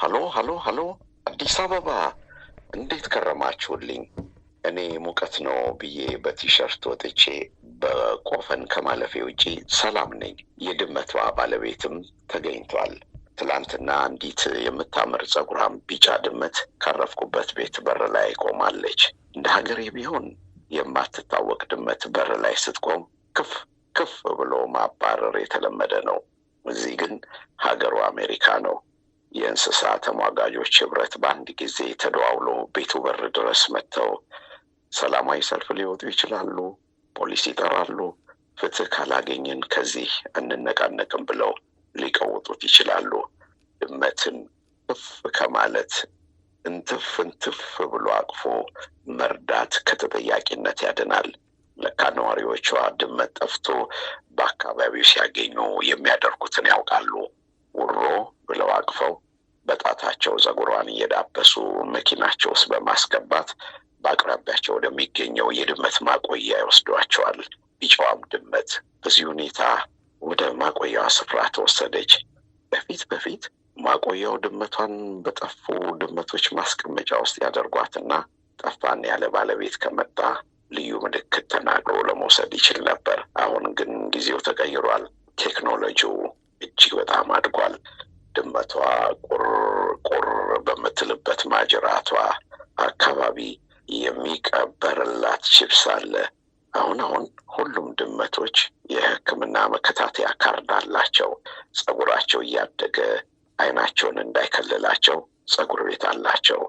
ሀሎ ሀሎ ሀሎ፣ አዲስ አበባ እንዴት ከረማችሁልኝ? እኔ ሙቀት ነው ብዬ በቲሸርት ወጥቼ በቆፈን ከማለፌ ውጪ ሰላም ነኝ። የድመቷ ባለቤትም ተገኝቷል። ትላንትና አንዲት የምታምር ጸጉራም ቢጫ ድመት ካረፍኩበት ቤት በር ላይ ቆማለች። እንደ ሀገሬ ቢሆን የማትታወቅ ድመት በር ላይ ስትቆም ክፍ ክፍ ብሎ ማባረር የተለመደ ነው። እዚህ ግን ሀገሩ አሜሪካ ነው። የእንስሳ ተሟጋጆች ህብረት በአንድ ጊዜ ተደዋውሎ ቤቱ በር ድረስ መጥተው ሰላማዊ ሰልፍ ሊወጡ ይችላሉ። ፖሊስ ይጠራሉ። ፍትህ ካላገኘን ከዚህ እንነቃነቅም ብለው ሊቀውጡት ይችላሉ። ድመትን እፍ ከማለት እንትፍ እንትፍ ብሎ አቅፎ መርዳት ከተጠያቂነት ያድናል። ለካ ነዋሪዎቿ ድመት ጠፍቶ በአካባቢው ሲያገኙ የሚያደርጉትን ያውቃሉ። ውሮ ብለው አቅፈው በጣታቸው ጸጉሯን እየዳበሱ መኪናቸው ውስጥ በማስገባት በአቅራቢያቸው ወደሚገኘው የድመት ማቆያ ይወስዷቸዋል። ቢጫዋም ድመት በዚህ ሁኔታ ወደ ማቆያዋ ስፍራ ተወሰደች። በፊት በፊት ማቆያው ድመቷን በጠፉ ድመቶች ማስቀመጫ ውስጥ ያደርጓትና ጠፋን ያለ ባለቤት ከመጣ ልዩ ምልክት ተናግሮ ለመውሰድ ይችል ነበር። አሁን ግን ጊዜው ተቀይሯል። ቴክኖሎጂው እጅግ በጣም አድጓል። ድመቷ ቁርቁር በምትልበት ማጅራቷ አካባቢ የሚቀበርላት ችብስ አለ። አሁን አሁን ሁሉም ድመቶች የሕክምና መከታተያ ካርድ አላቸው። ጸጉራቸው እያደገ አይናቸውን እንዳይከልላቸው ጸጉር ቤት አላቸው።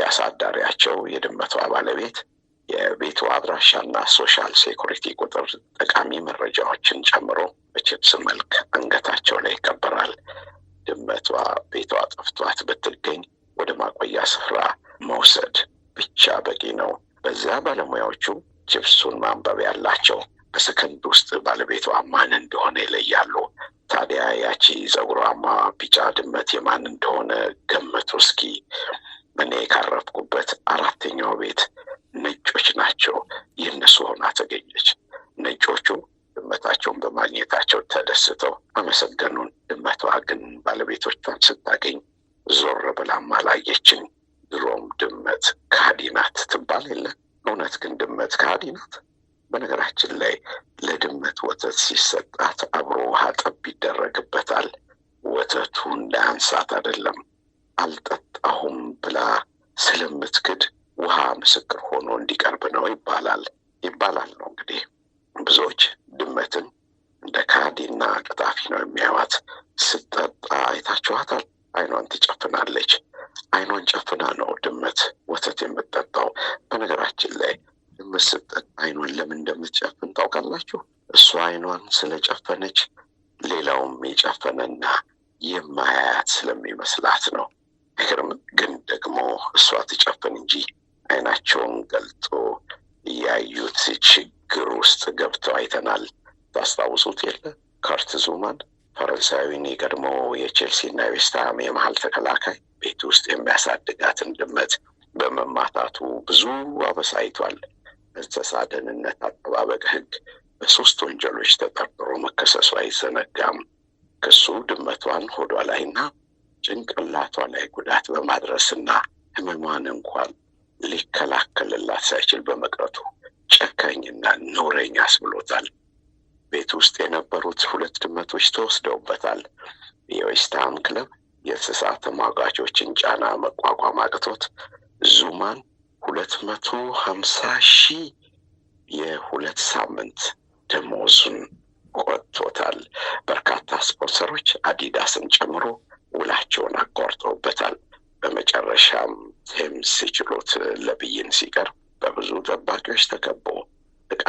የአሳዳሪያቸው የድመቷ ባለቤት የቤቱ አድራሻና ሶሻል ሴኩሪቲ ቁጥር ጠቃሚ መረጃዎችን ጨምሮ በችብስ መልክ አንገታቸው ላይ ይቀበራል። ድመቷ ቤቷ ጠፍቷት ብትገኝ ወደ ማቆያ ስፍራ መውሰድ ብቻ በቂ ነው። በዚያ ባለሙያዎቹ ችብሱን ማንበብ ያላቸው በሰከንድ ውስጥ ባለቤቷ ማን እንደሆነ ይለያሉ። ታዲያ ያቺ ጸጉሯማ ቢጫ ድመት የማን እንደሆነ ገምቱ እስኪ። እኔ ካረፍኩበት አራተኛው ቤት ነጮች ናቸው። የእነሱ ሆና ተገኘች። ነጮቹ ድመታቸውን በማግኘታቸው ተደስተው አመሰገኑን። ድመቷ ግን ባለቤቶቿን ስታገኝ ዞር ብላም አላየችኝ። ድሮም ድመት ከሃዲ ናት ትባል የለ? እውነት ግን ድመት ከሃዲ ናት። በነገራችን ላይ ለድመት ወተት ሲሰጣት አብሮ ውሃ ጠብ ይደረግበታል። ወተቱ እንዳያንሳት አይደለም፣ አልጠጣሁም ብላ ስለምትክድ ውሃ ምስክር ሆኖ እንዲቀርብ ነው ይባላል። ይባላል ነው እንግዲህ ብዙዎች ድመትን እንደ ከሃዲና ቀጣፊ ነው የሚያዋት። ስትጠጣ አይታችኋታል። አይኗን ትጨፍናለች። አይኗን ጨፍና ነው ድመት ወተት የምትጠጣው። በነገራችን ላይ ድመት ስጠጣ አይኗን ለምን እንደምትጨፍን ታውቃላችሁ? እሷ አይኗን ስለጨፈነች ሌላውም የጨፈነና የማያያት ስለሚመስላት ነው። አይገርም? ግን ደግሞ እሷ ትጨፍን እንጂ አይናቸውን ገልጦ እያዩት ችግር ውስጥ ገብተው አይተናል። ታስታውሱት የለ ካርት ዙማን ፈረንሳዊን የቀድሞ የቼልሲና የዌስትሃም የመሀል ተከላካይ ቤት ውስጥ የሚያሳድጋትን ድመት በመማታቱ ብዙ አበሳይቷል። እንስሳ ደህንነት አጠባበቅ ህግ በሶስት ወንጀሎች ተጠርጥሮ መከሰሱ አይዘነጋም። ክሱ ድመቷን ሆዷ ላይና ጭንቅላቷ ላይ ጉዳት በማድረስና ሕመሟን እንኳን ሊከላከልላት ሳይችል በመቅረቱ ጨካኝና ኖረኛ አስብሎታል። ቤት ውስጥ የነበሩት ሁለት ድመቶች ተወስደውበታል። የዌስትሃም ክለብ የእንስሳ ተሟጋቾችን ጫና መቋቋም አቅቶት ዙማን ሁለት መቶ ሀምሳ ሺህ የሁለት ሳምንት ደሞዙን ቆጥቶታል። በርካታ ስፖንሰሮች አዲዳስን ጨምሮ ውላቸውን አቋርጠውበታል። በመጨረሻም ቴምስ ችሎት ለብይን ሲቀርብ በብዙ ጠባቂዎች ተከቦ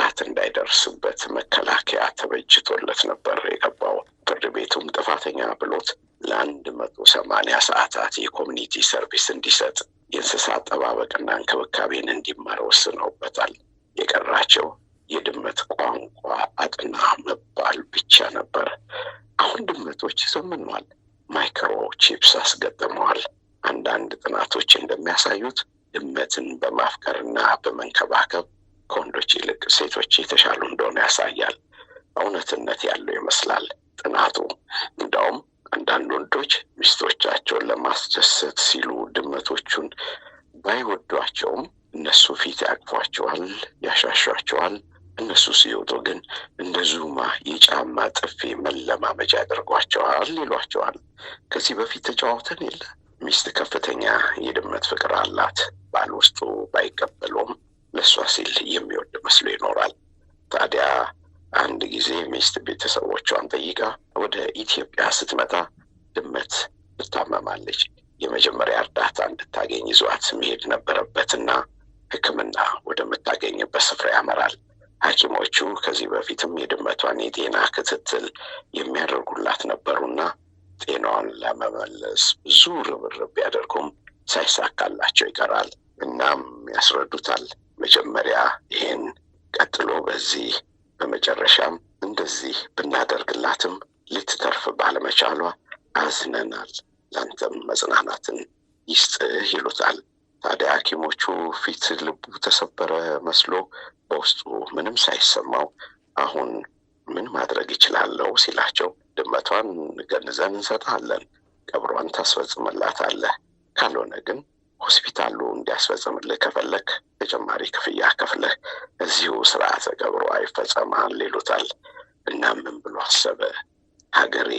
ጥቃት እንዳይደርስበት መከላከያ ተበጅቶለት ነበር የገባው። ፍርድ ቤቱም ጥፋተኛ ብሎት ለአንድ መቶ ሰማኒያ ሰዓታት የኮሚኒቲ ሰርቪስ እንዲሰጥ የእንስሳ አጠባበቅና እንክብካቤን እንዲማር ወስነውበታል። የቀራቸው የድመት ቋንቋ አጥና መባል ብቻ ነበር። አሁን ድመቶች ዘምኗል፣ ማይክሮ ቺፕስ አስገጥመዋል። አንዳንድ ጥናቶች እንደሚያሳዩት ድመትን በማፍቀርና በመንከባከብ ከወንዶች ይልቅ ሴቶች የተሻሉ እንደሆነ ያሳያል። እውነትነት ያለው ይመስላል ጥናቱ። እንዲያውም አንዳንድ ወንዶች ሚስቶቻቸውን ለማስደሰት ሲሉ ድመቶቹን ባይወዷቸውም እነሱ ፊት ያቅፏቸዋል፣ ያሻሿቸዋል። እነሱ ሲወጡ ግን እንደ ዙማ የጫማ ጥፊ መለማመጃ ያደርጓቸዋል፣ ይሏቸዋል። ከዚህ በፊት ተጫዋውተን የለ ሚስት ከፍተኛ የድመት ፍቅር አላት። ባል ውስጡ ባይቀበለውም ለእሷ ሲል የሚወድ መስሎ ይኖራል። ታዲያ አንድ ጊዜ ሚስት ቤተሰቦቿን ጠይቃ ወደ ኢትዮጵያ ስትመጣ ድመት ትታመማለች። የመጀመሪያ እርዳታ እንድታገኝ ይዟት መሄድ ነበረበትና ሕክምና ወደምታገኝበት ስፍራ ያመራል። ሐኪሞቹ ከዚህ በፊትም የድመቷን የጤና ክትትል የሚያደርጉላት ነበሩና ጤናዋን ለመመለስ ብዙ ርብርብ ቢያደርጉም ሳይሳካላቸው ይቀራል። እናም ያስረዱታል። መጀመሪያ ይህን ቀጥሎ በዚህ በመጨረሻም እንደዚህ ብናደርግላትም ልትተርፍ ባለመቻሏ አዝነናል፣ ላንተም መጽናናትን ይስጥህ ይሉታል። ታዲያ ሐኪሞቹ ፊት ልቡ ተሰበረ መስሎ በውስጡ ምንም ሳይሰማው አሁን ምን ማድረግ ይችላለው ሲላቸው ድመቷን ገንዘን እንሰጣለን ቀብሯን አለ ካልሆነ ግን ሆስፒታሉ እንዲያስፈጽምልህ ከፈለግ ተጨማሪ ክፍያ ከፍለህ እዚሁ ስርዓተ ቀብሮ አይፈጸማል ይሉታል። እና ምን ብሎ አሰበ? ሀገሬ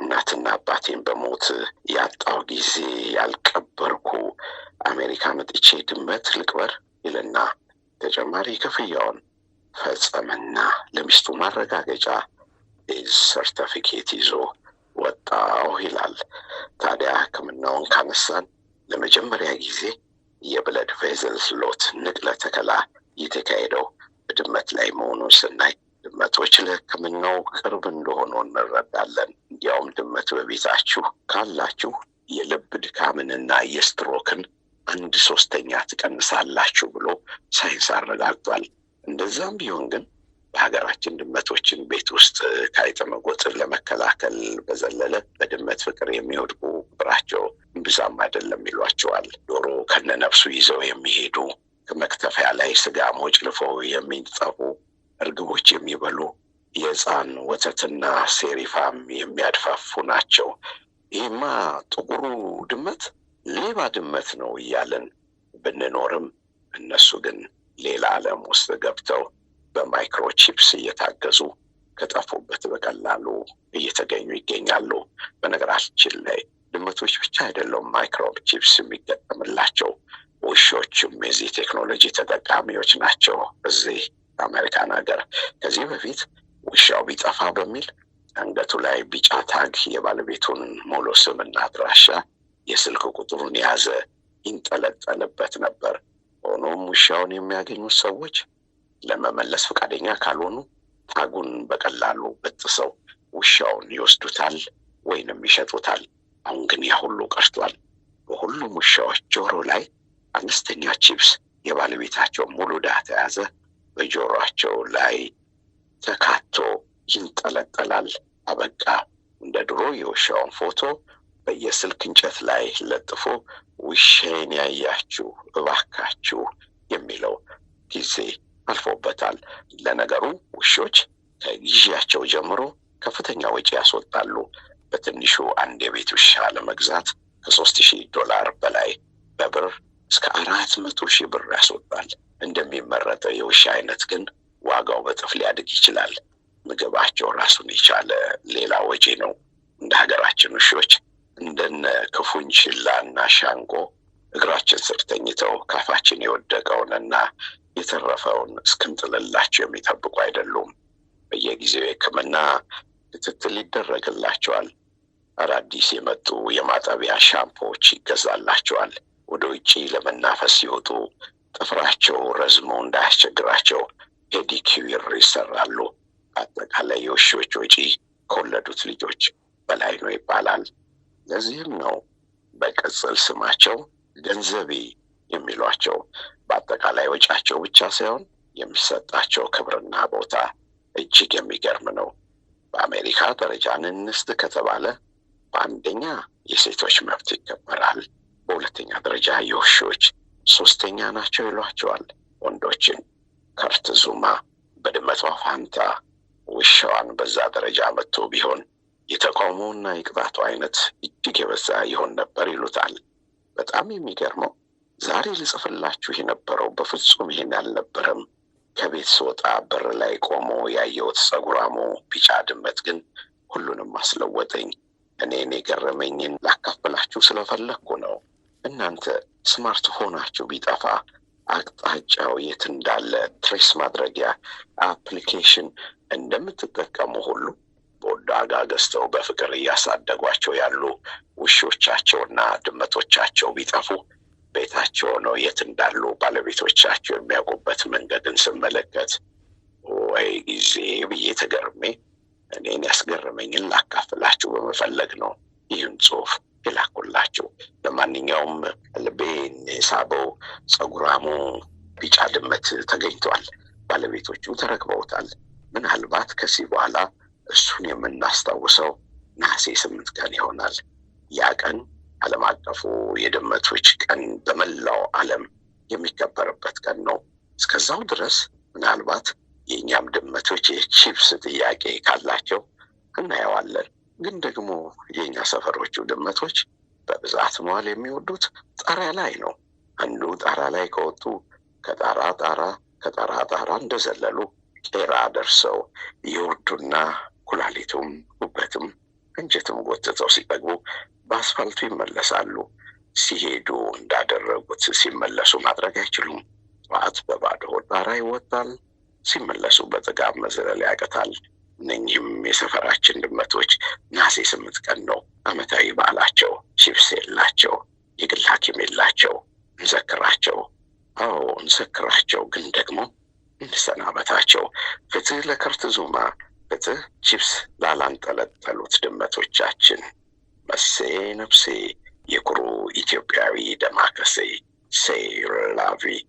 እናትና አባቴን በሞት ያጣው ጊዜ ያልቀበርኩ አሜሪካ መጥቼ ድመት ልቅበር ይልና ተጨማሪ ክፍያውን ፈጸመና ለሚስቱ ማረጋገጫ ሰርተፊኬት ይዞ ወጣው ይላል። ታዲያ ሕክምናውን ካነሳን ለመጀመሪያ ጊዜ የብለድ ቬዘልስ ሎት ንቅለ ተከላ የተካሄደው በድመት ላይ መሆኑን ስናይ ድመቶች ለሕክምናው ቅርብ እንደሆኑ እንረዳለን። እንዲያውም ድመት በቤታችሁ ካላችሁ የልብ ድካምንና የስትሮክን አንድ ሶስተኛ ትቀንሳላችሁ ብሎ ሳይንስ አረጋግጧል። እንደዛም ቢሆን ግን በሀገራችን ድመቶችን ቤት ውስጥ ከአይጥ ለመከላከል በዘለለ በድመት ፍቅር የሚወድቁ ብራቸው ብዛም አይደለም ይሏቸዋል። ዶሮ ከነነፍሱ ይዘው የሚሄዱ ከመክተፊያ ላይ ስጋ ሞጭልፈው የሚጠፉ እርግቦች የሚበሉ የህፃን ወተትና ሴሪፋም የሚያድፋፉ ናቸው። ይህማ ጥቁሩ ድመት ሌባ ድመት ነው እያለን ብንኖርም እነሱ ግን ሌላ ዓለም ውስጥ ገብተው በማይክሮቺፕስ እየታገዙ ከጠፉበት በቀላሉ እየተገኙ ይገኛሉ። በነገራችን ላይ ድመቶች ብቻ አይደለም ማይክሮብ ቺፕስ የሚገጠምላቸው ውሾችም የዚህ ቴክኖሎጂ ተጠቃሚዎች ናቸው። እዚህ አሜሪካን ሀገር ከዚህ በፊት ውሻው ቢጠፋ በሚል አንገቱ ላይ ቢጫ ታግ የባለቤቱን ሙሉ ስምና አድራሻ፣ የስልክ ቁጥሩን የያዘ ይንጠለጠልበት ነበር። ሆኖም ውሻውን የሚያገኙት ሰዎች ለመመለስ ፈቃደኛ ካልሆኑ ታጉን በቀላሉ በጥሰው ውሻውን ይወስዱታል ወይንም ይሸጡታል። አሁን ግን ያ ሁሉ ቀርቷል። በሁሉም ውሻዎች ጆሮ ላይ አነስተኛ ቺፕስ የባለቤታቸው ሙሉ ዳ ተያዘ በጆሮአቸው ላይ ተካቶ ይንጠለጠላል። አበቃ። እንደ ድሮ የውሻውን ፎቶ በየስልክ እንጨት ላይ ለጥፎ ውሻዬን ያያችሁ እባካችሁ የሚለው ጊዜ አልፎበታል። ለነገሩ ውሾች ከግዢያቸው ጀምሮ ከፍተኛ ወጪ ያስወጣሉ። በትንሹ አንድ የቤት ውሻ ለመግዛት ከሶስት ሺህ ዶላር በላይ በብር እስከ አራት መቶ ሺህ ብር ያስወጣል። እንደሚመረጠው የውሻ አይነት ግን ዋጋው በጥፍ ሊያድግ ይችላል። ምግባቸው ራሱን የቻለ ሌላ ወጪ ነው። እንደ ሀገራችን ውሾች እንደነ ክፉኝ፣ ሽላ እና ሻንቆ እግራችን ስር ተኝተው ካፋችን የወደቀውንና የተረፈውን እስክንጥልላቸው የሚጠብቁ አይደሉም። በየጊዜው የሕክምና ክትትል ይደረግላቸዋል። አዳዲስ የመጡ የማጠቢያ ሻምፖዎች ይገዛላቸዋል። ወደ ውጭ ለመናፈስ ሲወጡ ጥፍራቸው ረዝሞ እንዳያስቸግራቸው ፔዲኪዩር ይሰራሉ። አጠቃላይ የውሾች ወጪ ከወለዱት ልጆች በላይ ነው ይባላል። ለዚህም ነው በቅጽል ስማቸው ገንዘቤ የሚሏቸው። በአጠቃላይ ወጫቸው ብቻ ሳይሆን የሚሰጣቸው ክብርና ቦታ እጅግ የሚገርም ነው። በአሜሪካ ደረጃ ንንስት ከተባለ በአንደኛ የሴቶች መብት ይከበራል፣ በሁለተኛ ደረጃ የውሾች ሶስተኛ ናቸው ይሏቸዋል ወንዶችን። ከርት ዙማ በድመቷ ፋንታ ውሻዋን በዛ ደረጃ መጥቶ ቢሆን የተቃውሞውና የቅጣቱ አይነት እጅግ የበዛ ይሆን ነበር ይሉታል። በጣም የሚገርመው ዛሬ ልጽፍላችሁ የነበረው በፍጹም ይሄን አልነበረም። ከቤት ስወጣ በር ላይ ቆሞ ያየሁት ጸጉራሞ ቢጫ ድመት ግን ሁሉንም አስለወጠኝ። እኔን ገረመኝን ላካፍላችሁ ስለፈለግኩ ነው። እናንተ ስማርት ሆናችሁ ቢጠፋ አቅጣጫው የት እንዳለ ትሬስ ማድረጊያ አፕሊኬሽን እንደምትጠቀሙ ሁሉ በውድ ገዝተው በፍቅር እያሳደጓቸው ያሉ ውሾቻቸውና ድመቶቻቸው ቢጠፉ ቤታቸው ነው የት እንዳሉ ባለቤቶቻቸው የሚያውቁበት መንገድን ስመለከት ወይ ጊዜ ብዬ ተገርሜ እኔን ያስገረመኝን ላካፍላችሁ በመፈለግ ነው ይህን ጽሁፍ የላኩላችሁ። ለማንኛውም ልቤን ሳበው ጸጉራሙ ቢጫ ድመት ተገኝቷል። ባለቤቶቹ ተረክበውታል። ምናልባት ከዚህ በኋላ እሱን የምናስታውሰው ነሐሴ ስምንት ቀን ይሆናል። ያ ቀን ዓለም አቀፉ የድመቶች ቀን በመላው ዓለም የሚከበርበት ቀን ነው። እስከዛው ድረስ ምናልባት የእኛም ድመቶች የቺፕስ ጥያቄ ካላቸው እናየዋለን። ግን ደግሞ የእኛ ሰፈሮቹ ድመቶች በብዛት መዋል የሚወዱት ጣሪያ ላይ ነው። አንዱ ጣራ ላይ ከወጡ ከጣራ ጣራ ከጣራ ጣራ እንደዘለሉ ቄራ ደርሰው የወርዱና ኩላሊቱም ጉበትም እንጀትም ጎትተው ሲጠግቡ በአስፋልቱ ይመለሳሉ። ሲሄዱ እንዳደረጉት ሲመለሱ ማድረግ አይችሉም። ጠዋት በባዶ ጣራ ይወጣል። ሲመለሱ በጥጋብ መዝለል ያቀታል። እነኚህም የሰፈራችን ድመቶች ናሴ ስምንት ቀን ነው ዓመታዊ በዓላቸው። ቺፕስ የላቸው፣ የግል ሐኪም የላቸው። እንዘክራቸው፣ አዎ እንዘክራቸው፣ ግን ደግሞ እንሰናበታቸው። ፍትህ ለከርትዙማ፣ ፍትህ ቺፕስ ላላንጠለጠሉት ድመቶቻችን። መሴ ነፍሴ የኩሩ ኢትዮጵያዊ ደማከሴ ሴይር ላቪ